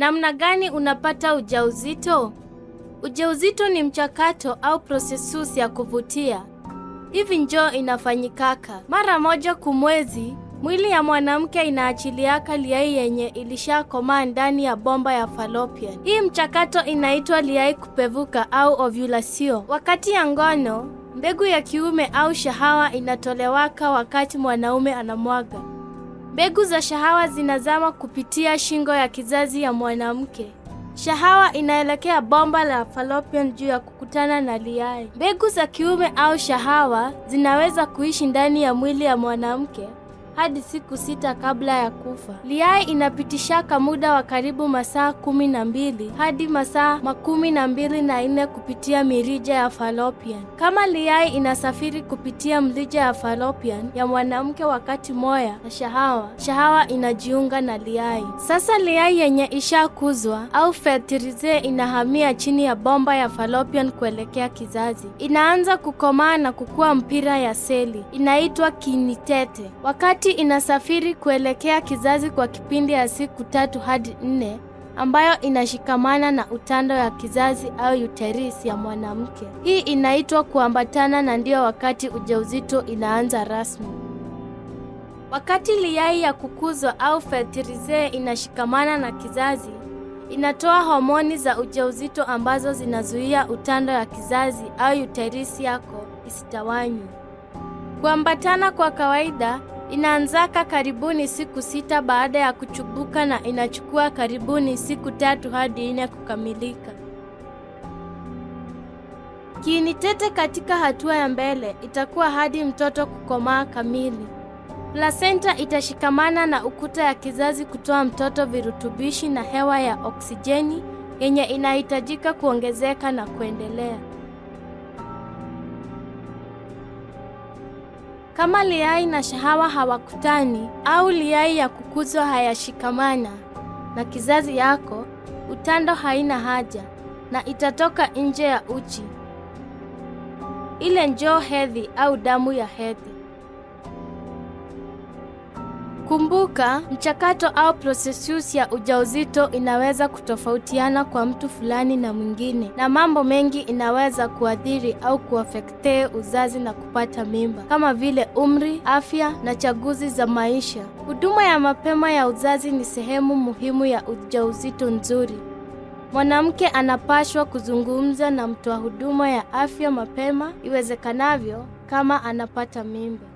Namna gani unapata ujauzito? Ujauzito ni mchakato au prosesus ya kuvutia. Hivi njoo inafanyikaka mara moja kumwezi. Mwili ya mwanamke inaachiliaka liai yenye ilishakomaa ndani ya bomba ya fallopian. Hii mchakato inaitwa liai kupevuka au ovulasio. Wakati ya ngono, mbegu ya kiume au shahawa inatolewaka wakati mwanaume anamwaga Mbegu za shahawa zinazama kupitia shingo ya kizazi ya mwanamke. Shahawa inaelekea bomba la fallopian juu ya kukutana na liai. Mbegu za kiume au shahawa zinaweza kuishi ndani ya mwili ya mwanamke hadi siku sita kabla ya kufa. liai inapitishaka muda wa karibu masaa kumi na mbili hadi masaa makumi na mbili na nne kupitia mirija ya fallopian. Kama liai inasafiri kupitia mrija ya fallopian ya mwanamke wakati moya na shahawa, shahawa inajiunga na liai Sasa liai yenye ishakuzwa au fertilize inahamia chini ya bomba ya fallopian kuelekea kizazi. Inaanza kukomaa na kukua mpira ya seli, inaitwa kinitete. Wakati Nishati inasafiri kuelekea kizazi kwa kipindi ya siku tatu hadi nne ambayo inashikamana na utando ya kizazi au uterus ya mwanamke. Hii inaitwa kuambatana na ndio wakati ujauzito inaanza rasmi. Wakati liyai ya kukuzwa au fertilize inashikamana na kizazi, inatoa homoni za ujauzito ambazo zinazuia utando ya kizazi au uterus yako isitawanywe. Kuambatana kwa kawaida Inaanzaka karibuni siku sita baada ya kuchubuka na inachukua karibuni siku tatu hadi nne kukamilika. Kiini tete katika hatua ya mbele itakuwa hadi mtoto kukomaa kamili. Placenta itashikamana na ukuta ya kizazi kutoa mtoto virutubishi na hewa ya oksijeni yenye inahitajika kuongezeka na kuendelea. Kama liai na shahawa hawakutani au liai ya kukuzwa hayashikamana na kizazi yako, utando haina haja na itatoka nje ya uchi. Ile njoo hedhi au damu ya hedhi. Kumbuka, mchakato au processus ya ujauzito inaweza kutofautiana kwa mtu fulani na mwingine, na mambo mengi inaweza kuathiri au kuafekte uzazi na kupata mimba, kama vile umri, afya na chaguzi za maisha. Huduma ya mapema ya uzazi ni sehemu muhimu ya ujauzito nzuri. Mwanamke anapashwa kuzungumza na mtoa huduma ya afya mapema iwezekanavyo kama anapata mimba.